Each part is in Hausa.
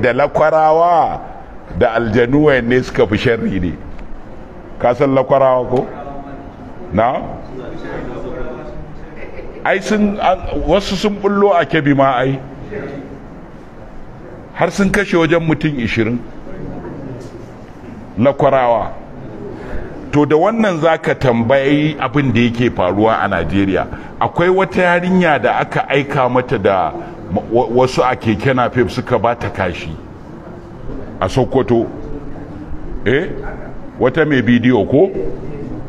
da lakwarawa da aljanu ne suka fi sharri ne kasan lakwarawa ko na ai sun wasu sun bullo a kebi ma ai har sun kashe wajen mutum ishirin lakwarawa to da wannan za ka tambayi abin da yake faruwa a najeriya akwai wata yarinya da aka aika mata da wasu a keke na fef suka ba ta kashi a sokoto eh wata mai bidiyo ko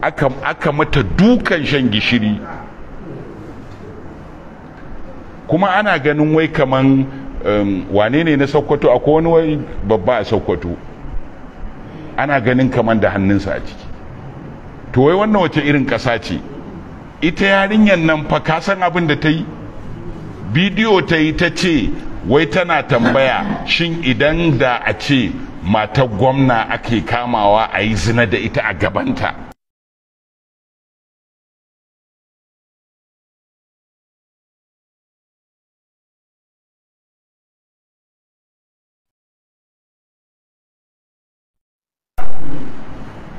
aka mata dukan shan gishiri kuma ana ganin wai kaman um, wane ne na sokoto a wani wai babba a sokoto ana ganin kaman da hannunsa a ciki to wai wannan wace irin ƙasa ce ita yarinyar nan fa ka san abin da ta yi bidiyo ta yi ta ce wai tana tambaya shin idan da a ce matar gwamna ake kamawa a yi zina da ita a gabanta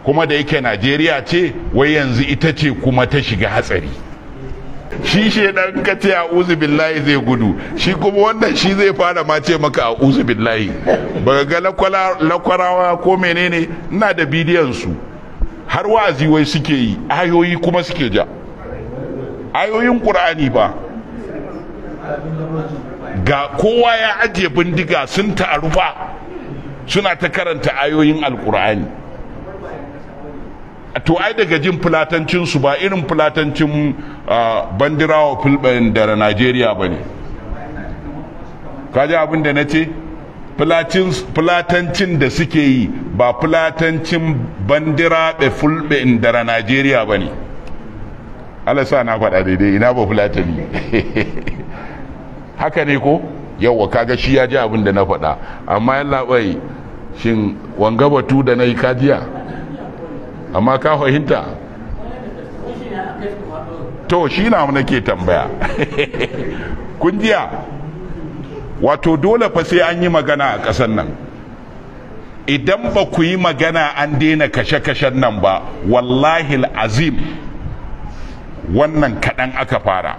kuma da yake najeriya ce wai yanzu ita ce kuma ta shiga hatsari shi dan ka ce a uzu billahi zai gudu shi kuma wannan shi zai fara ma ce maka a uzu billahi ba ga lakwarawa ko menene ina da bidiyon su har wa'azi wai suke yi ayoyi kuma suke ja ayoyin qur'ani ba ga kowa ya ajiye bindiga sun ta'arufa suna ta karanta ayoyin alkur'ani to ai daga jin fulatancin su ba irin fulatancin ah, bandirawa fulɓin eh, da najeriya ba ne kaji abin da na ce fulatancin da suke yi ba fulatancin bandira da fulɓin da najeriya ba ne sa na faɗa daidai ina ba fulatani haka ne ko wa kaga shi ya ji abin da na faɗa amma yalla bai shin wanga batu da na yi kajiya amma ka fahimta to shi na ke tambaya kun jiya wato dole fa sai an yi magana a ƙasar nan idan ba ku yi magana an daina kashe-kashen nan ba wallahi azim wannan kaɗan aka fara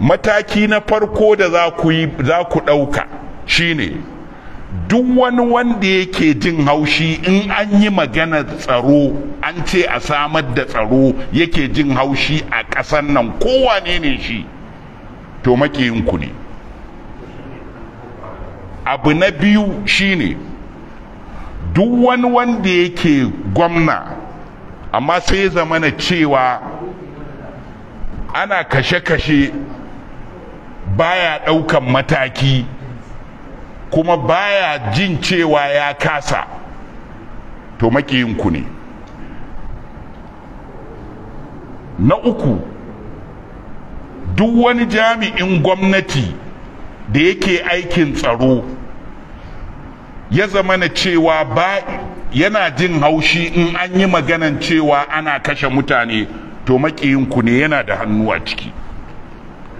mataki na farko da za ku ɗauka shine duk wani wanda yake jin haushi in an yi magana tsaro an ce a samar da tsaro yake jin haushi a ƙasan nan kowane ne shi to ku ne abu na biyu shine duk wani wanda yake gwamna amma sai zamana cewa ana kashe-kashe baya ɗaukan mataki kuma baya jin cewa ya kasa to makiyinku ne na uku duk wani jami'in gwamnati da yake aikin tsaro ya zama na cewa ba yana jin haushi in an yi maganan cewa ana kashe mutane to makiyinku ne yana da hannu a ciki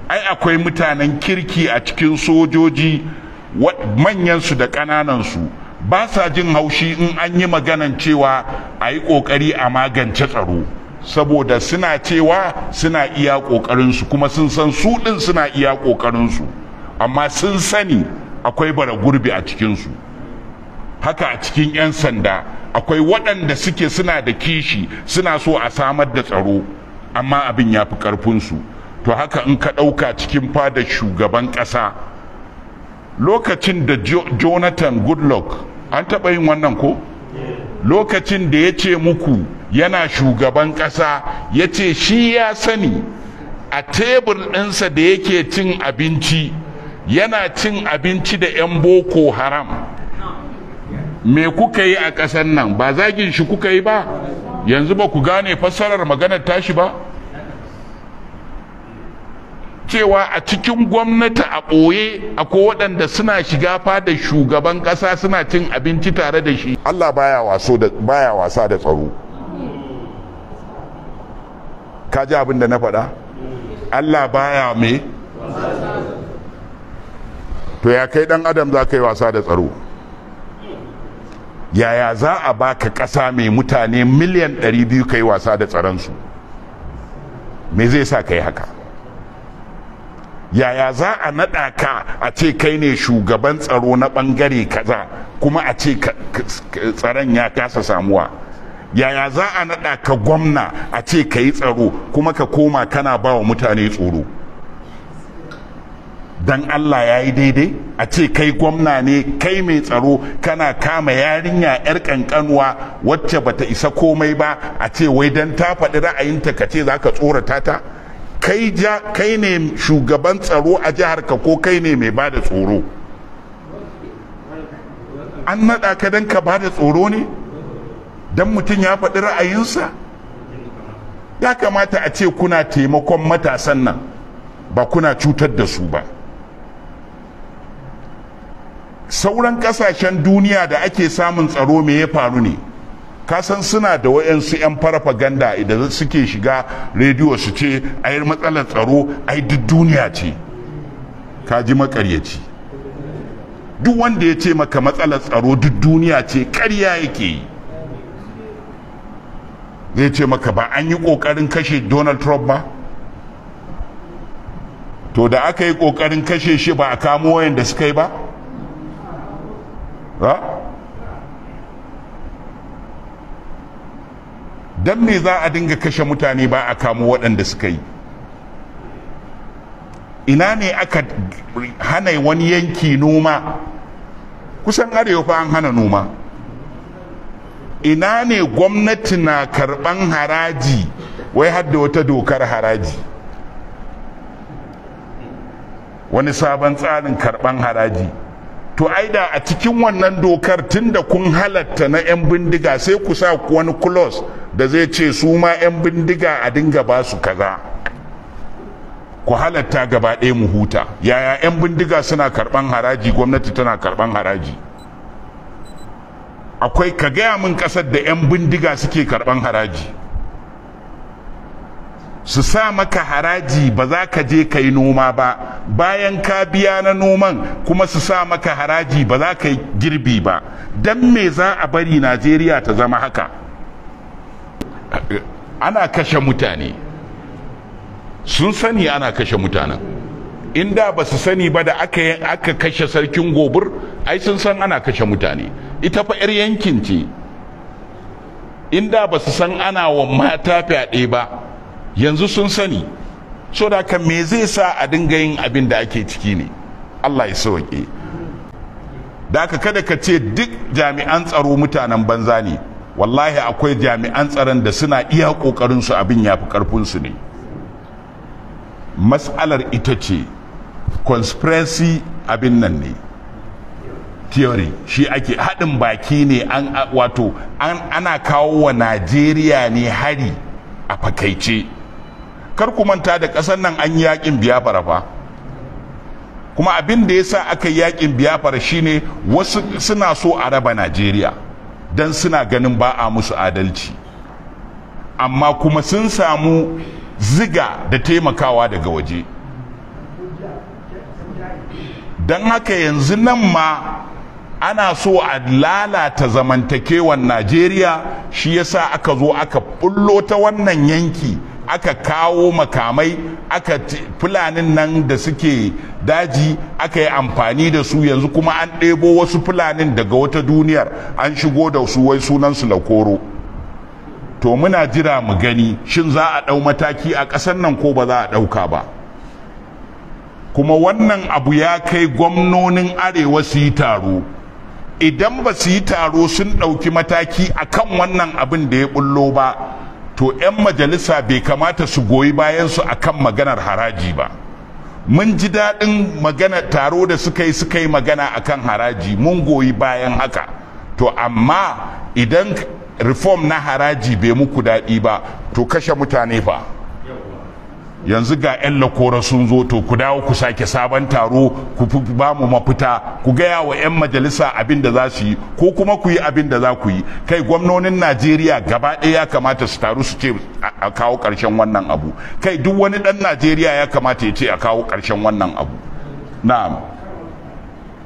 ai akwai mutanen kirki a cikin sojoji manyansu da ƙananansu ba sa jin haushi in an yi maganan cewa a yi ƙoƙari a magance tsaro saboda suna cewa suna iya ƙoƙarinsu kuma sun san su ɗin suna iya ƙoƙarinsu amma sun sani akwai bara gurbi a cikinsu haka a cikin 'yan sanda akwai waɗanda suke suna da kishi suna so a samar da tsaro amma abin ya fi ƙarfinsu to haka in ka ɗauka cikin fadar shugaban ƙasa lokacin da jonathan goodluck an taɓa yin wannan ko lokacin da ya ce muku yana shugaban ƙasa ya ce shi ya sani a tebur ɗinsa da yake cin abinci yana cin abinci da 'yan boko haram me kuka yi a ƙasar nan ba zagin shi kuka yi ba yanzu ba ku gane fassarar maganar tashi ba cewa a cikin gwamnati a ɓoye akwai waɗanda suna shiga fada shugaban ƙasa suna cin abinci tare da shi Allah baya baya wasa da tsaro ka ji abin da na faɗa Allah baya me to ya kai ɗan adam za ka yi wasa da tsaro yaya za a baka ƙasa mai mutane miliyan 200 ka yi wasa da tsaronsu me zai sa ka yi haka yaya za a naɗa ka a ce kai ne shugaban tsaro na ɓangare kaza kuma a ce tsaron ya kasa samuwa yaya za a naɗa ka gwamna a ce ka yi tsaro kuma ka koma kana ba wa mutane tsoro don allah ya yi daidai a ce kai gwamna ne kai mai tsaro kana kama yarinya 'yar kankanuwa wacce bata isa komai ba a ce wai don ta faɗi ra'ayinta ka ce za ka tsorata ta kai ja kai ne shugaban tsaro a jihar ka ko kai ne mai bada tsoro an naɗa ka don ka bada tsoro ne don mutum ya faɗi ra'ayinsa ya kamata a ce kuna taimakon matasan nan ba kuna cutar da su ba sauran kasashen duniya da ake samun tsaro me ya faru ne kasan suna da wayansu 'yan farfaganda idan suke shiga rediyo su ce ai matsalar tsaro ai duk duniya ce ka ji makaryaci duk wanda ya ce maka matsalar tsaro duk duniya ce karya yake yi zai ce maka ba an yi ƙoƙarin kashe donald trump ba to da aka yi ƙoƙarin kashe shi ba a kamo wayanda da suka yi ba don me za a dinga kashe mutane ba a kamo waɗanda suka yi ina ne aka hana wani yanki noma kusan arewa fa an hana noma ina ne gwamnati na karɓan haraji wai hadda wata dokar haraji wani sabon tsarin karɓan haraji to aida a cikin wannan dokar tun da kun halatta na 'yan bindiga sai ku sa wani kulos da zai ce su ma 'yan bindiga a dinga ba su kaza ku halatta gaba ɗaya mu huta yaya 'yan bindiga suna karɓan haraji gwamnati tana karɓan haraji akwai ka gaya min ƙasar da 'yan bindiga suke karɓan haraji su sa maka haraji ba za ka je ka yi noma ba bayan ka biya na noman kuma su sa maka haraji ba za ka yi girbi ba don me za a bari najeriya ta zama haka ana kashe mutane sun sani ana kashe mutanen inda ba su sani ba da aka, kashe sarkin gobir ai sun san ana kashe mutane ita fa 'yar yankin ce inda ba su san ana wa mata fyaɗe ba yanzu sun sani so da ka me zai sa a dinga yin abin da ake ciki ne Allah ya sauke da aka kada ka ce duk jami'an tsaro mutanen banza ne wallahi akwai jami'an tsaron da suna iya kokarin su abin yafi karfin su ne mas'alar ita ce conspiracy abin nan ne theory shi ake haɗin baki ne an wato ana kawo wa najeriya ne hari a fakaice kar ku manta da ƙasar nan an yaƙin biyafara fa kuma abin da ya sa aka yaƙin biyafara shine wasu suna so a raba najeriya don suna ganin ba a musu adalci amma kuma sun samu ziga da taimakawa daga waje don haka yanzu nan ma ana so a lalata zamantakewan najeriya shi yasa aka zo aka bullo ta wannan yanki aka kawo makamai aka fulanin nan da suke daji aka yi amfani da su yanzu kuma an ɗebo wasu fulanin daga wata duniyar an shigo da su wai sunansu lakoro to muna jira mu gani shin za a ɗau mataki a ƙasar nan ko ba za a ɗauka ba kuma wannan abu ya kai gwamnonin arewa su yi taro idan ba su yi taro sun ɗauki mataki a kan wannan abin da ya ɓullo ba to 'yan majalisa bai kamata su goyi bayansu a kan maganar haraji ba mun ji daɗin magana taro da suka yi suka yi magana a kan haraji mun goyi bayan haka to amma idan reform na haraji bai muku daɗi ba to kashe mutane fa yanzu ga 'yan lakora sun zo to ku dawo ku sake sabon taro ku ba mu mafita ku gaya wa 'yan majalisa abin da za su yi ko kuma ku yi abin da za ku yi kai gwamnonin najeriya gaba ɗaya ya kamata su taru su ce a kawo ƙarshen wannan abu kai duk wani ɗan najeriya ya kamata ya ce a kawo ƙarshen wannan abu na'am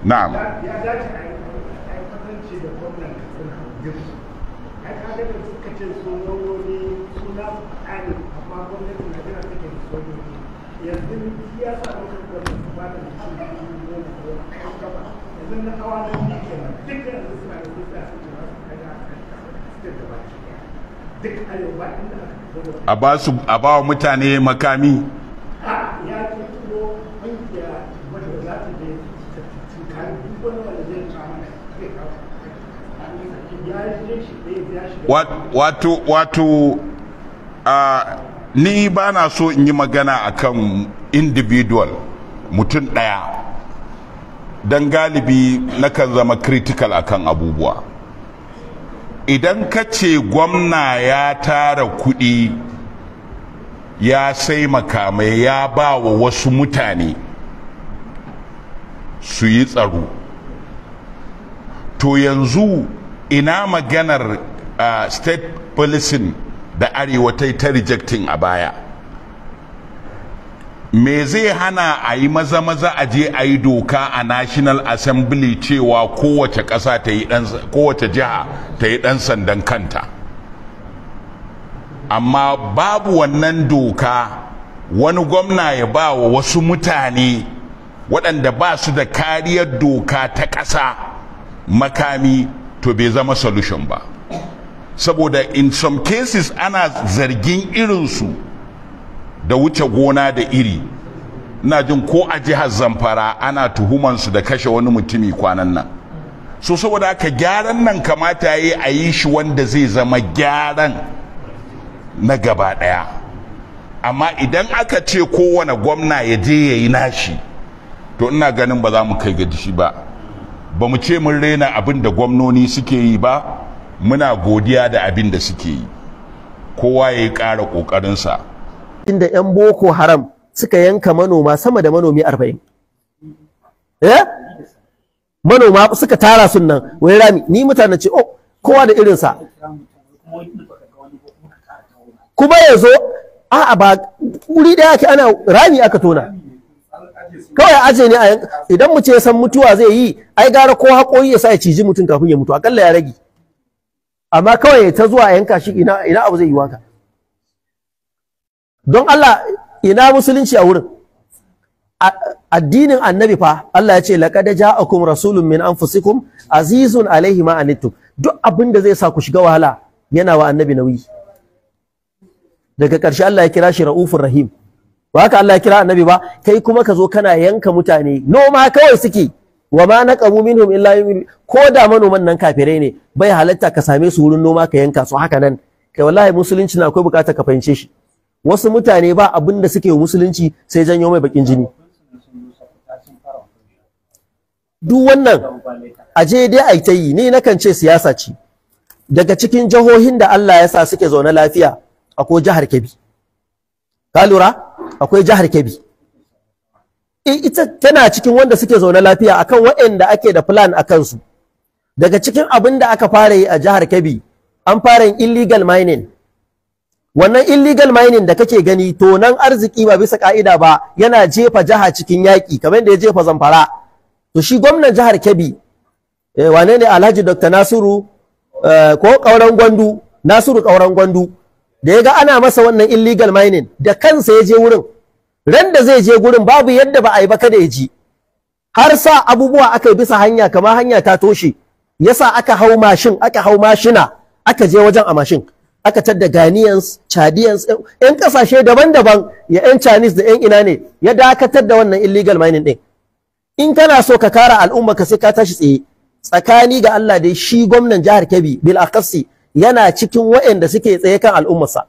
na'am a ba su a ba wa mutane makami wato wato ni ba na so in yi magana akan individual mutum ɗaya don galibi na kan zama critical akan abubuwa idan ka ce gwamna ya tara kuɗi ya sai makamai ya ba wa wasu mutane su yi tsaro to yanzu ina maganar uh, state policing da arewa ta ta rejecting a baya me zai hana a yi maza-maza a je a yi doka a national assembly cewa kowace kasa ta yi kowace jiha ta yi ɗan sandan kanta amma babu wannan doka wani gwamna ya ba wa wasu mutane waɗanda ba su da kariyar doka ta ƙasa makami to bai zama solution ba saboda in some cases ana zargin irinsu da wuce gona da iri na jin ko a jihar zamfara ana tuhumansu da kashe wani mutumi kwanan nan so saboda aka gyaran nan kamata ya yi a yi shi wanda zai zama gyaran na gaba ɗaya amma idan aka ce kowane gwamna ya je ya yi nashi to ina ganin ba za mu kai ga dishi ba ba mu ce mun raina abin da gwamnoni suke yi ba muna godiya da abin da suke yi kowa ya yi ƙara ƙoƙarinsa inda 'yan boko haram suka yanka manoma sama da manomi arba'in eh? manoma suka tara sun nan wai rami ni mutane ce oh kowa da irinsa kuma ya zo a'a ba wuri daya ake ana rami aka tona kawai aje ne idan mu ce san mutuwa zai yi ai gara ko haƙoƙi ya sa ya ciji mutum kafin ya mutu akalla ya rage amma kawai ta zuwa a yanka shi ina abu zai yi waka don Allah ina musulunci a wurin addinin annabi fa Allah ya ce laqad ja'akum rasulun min anfusikum azizun alaihi ma anittum duk abin da zai sa ku shiga wahala yana wa annabi nauyi daga ƙarshe Allah ya kira shi ra'ufur rahim ba haka Allah ya kira annabi ba kai kuma ka zo kana yanka mutane noma kawai suke wa ma naqamu minhum illa ko da manoman nan kafirai ne bai halatta ka same su wurin noma ka yanka su haka nan kai wallahi musulunci na akwai bukata ka fahimce shi wasu mutane ba abin da suke musulunci sai janyo mai bakin jini duk wannan aje dai a ta yi ni nakan ce siyasa ce daga cikin jihohin da Allah ya sa suke zaune lafiya akwai jihar Kebbi ka lura akwai jihar Kebbi ita tana cikin wanda suke zaune lafiya akan waɗanda ake da plan a kansu daga cikin abin da aka fara yi a jihar Kebbi an fara yin illegal mining wannan illegal mining da kake gani to nan arziki ba bisa ka'ida ba yana jefa jaha cikin yaƙi kamar da ya jefa zamfara to shi gwamnan jihar Kebbi eh wane ne Alhaji Dr Nasiru eh, ko kauran gwandu Nasiru ƙauren gwandu da ya ga ana masa wannan illegal mining da kansa ya je wurin ran da zai je gurin babu yadda ba a yi ba kada ya ji har sa abubuwa aka yi bisa hanya kamar hanya ta toshe yasa aka hau mashin aka hau mashina aka je wajen a mashin aka tadda Ghanaians, Chadians, ‘yan kasashe daban-daban ya ‘yan Chinese da ‘yan ina ne ya dakatar da wannan illegal mining ɗin. In kana so ka kara al'umma ka sai ka tashi tsaye tsakani ga Allah dai shi gwamnan jihar Kebbi bil akasi yana cikin wa'anda suke tsaye kan al'ummarsa.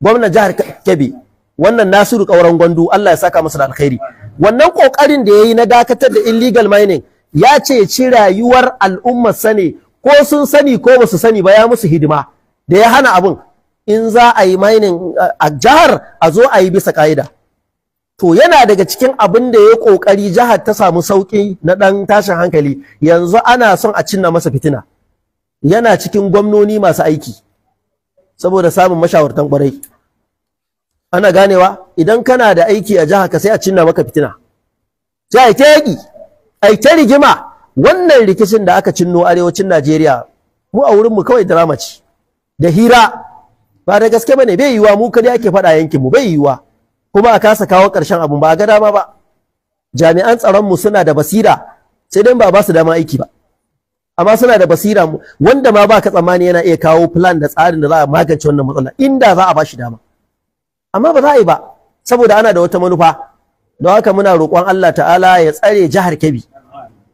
Gwamnan jihar Kebbi wannan Nasiru Kauran Gwandu Allah ya saka masa da alkhairi. Wannan kokarin da ya yi na dakatar da illegal mining ya ce ci rayuwar al'umma sane ko sun sani ko ba su sani ba ya musu hidima. da ya hana abun in za a yi mining a jihar a zo a yi bisa ka'ida to yana daga cikin abin da ya kokari jihar ta samu sauki na ɗan tashin hankali yanzu ana son a cinna masa fitina yana cikin gwamnoni masu aiki saboda samun mashawartan kwarai ana ganewa idan kana da aiki a jihar ka sai a cinna maka fitina sai ta yaki rigima wannan rikicin da aka cinno arewacin Najeriya mu a wurin mu kawai drama ce da hira ba da gaske bane bai yiwa mu kadai ake faɗa yankin mu bai yiwa kuma a kasa kawo ƙarshen abun ba ga dama ba jami'an tsaron mu suna da basira sai dai ba ba su dama aiki ba amma suna da basira wanda ma ba ka tsammani yana iya kawo plan da tsarin da za a magance wannan matsala inda za a ba shi dama amma ba za a yi ba saboda ana da wata manufa don haka muna roƙon Allah ta'ala ya tsare jihar Kebbi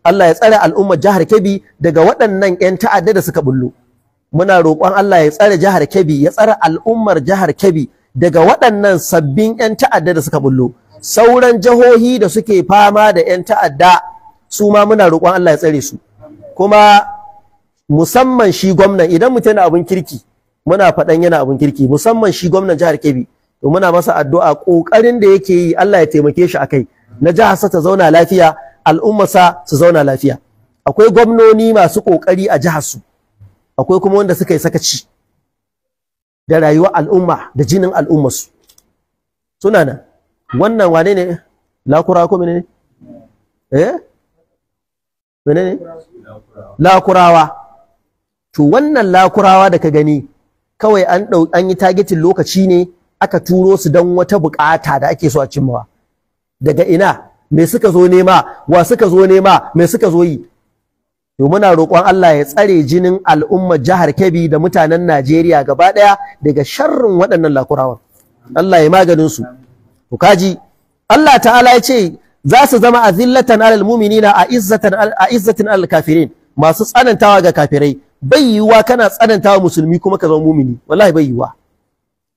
Allah ya tsare al'ummar jihar Kebbi daga waɗannan 'yan ta'adda da suka bullo muna roƙon Allah ya tsare jihar Kebbi ya tsare al'ummar jihar Kebbi daga waɗannan sabbin 'yan ta'adda da suka bullo sauran jahohi da suke fama da 'yan ta'adda su ma muna roƙon Allah ya tsare su kuma musamman shi gwamnan idan mutum yana abun kirki muna faɗan yana abun kirki musamman shi gwamnan jihar Kebbi to muna masa addu'a ƙoƙarin da yake yi Allah ya taimake shi akai na jihar sa ta zauna lafiya sa su zauna lafiya akwai gwamnoni masu ƙoƙari a jihar su akwai kuma wanda suka yi sakaci da rayuwar al'umma da jinin al'ummarsu suna nan wannan wane ne lakura ko menene eh menene lakurawa to wannan lakurawa da ka gani kawai an an yi targetin lokaci ne aka turo su dan wata bukata da ake so a cimmawa daga ina me suka zo nema wa suka zo nema me suka zo yi to muna roƙon Allah ya tsare jinin al'ummar jihar Kebbi da mutanen Najeriya gaba ɗaya daga sharrin waɗannan lakurawan Allah ya maganin su Ku kaji Allah ta'ala ya ce za su zama azillatan alal mu'minina a izzatan a izzatin alal kafirin masu tsanantawa ga kafirai bai yiwuwa kana tsanantawa musulmi kuma ka zama mumini wallahi bai yiwuwa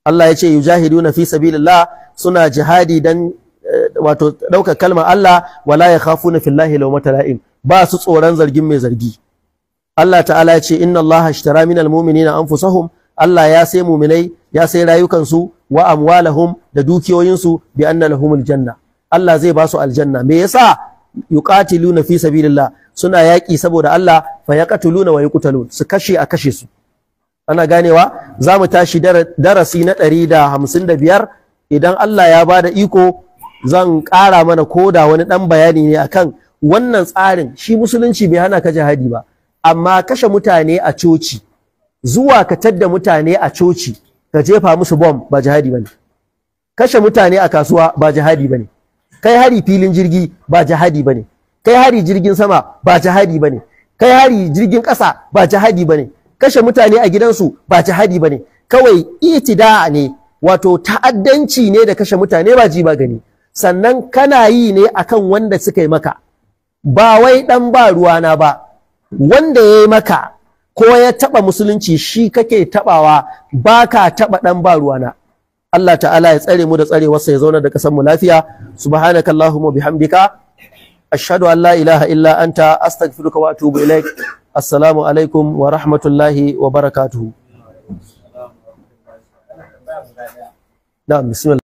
Allah ya ce yujahiduna fi sabilillah suna jihadi dan eh, wato ɗaukar kalmar Allah wala ya khafuna fillahi lawmata la'im ba su tsoron zargin mai zargi Allah ta'ala ya ce inna Allah ashtara minal mu'minina anfusahum Allah ya sai mu'minai ya sai rayukansu wa amwalahum da dukiyoyinsu bi anna lahumul janna Allah zai ba su aljanna me yasa yuqatiluna fi sabilillah suna yaƙi saboda Allah fa yaqtuluna wa yuqtalun su kashe a kashe su ana ganewa za mu tashi darasi na ɗari da hamsin da biyar idan Allah ya ba da iko zan ƙara mana koda wani ɗan bayani ne akan wannan tsarin shi musulunci bai hana ka jihadi ba amma kashe mutane a coci zuwa ka tadda mutane a coci ka jefa musu bom ba jihadi bane kashe mutane a kasuwa ba jihadi bane kai hari filin jirgi ba jihadi bane kai hari jirgin sama ba jihadi bane kai hari jirgin ƙasa ba jihadi bane kashe mutane a gidansu ba jihadi bane kawai itida'a ne wato ta'addanci ne da kashe mutane ba ji ba gani sannan kana yi ne akan wanda suka yi maka ba wai ɗan ba ruwa na ba wanda ya yi maka ko ya taɓa musulunci shi kake taɓawa ba ka taɓa ɗan ba na. Allah ta'ala ya tsare mu da tsarewarsa ya zauna da ƙasar mu lafiya subhanaka allahumma bihamdika ashhadu an la ilaha illa anta astaghfiruka wa atubu ilaik assalamu alaikum wa rahmatullahi wa barakatuhu na'am bismillah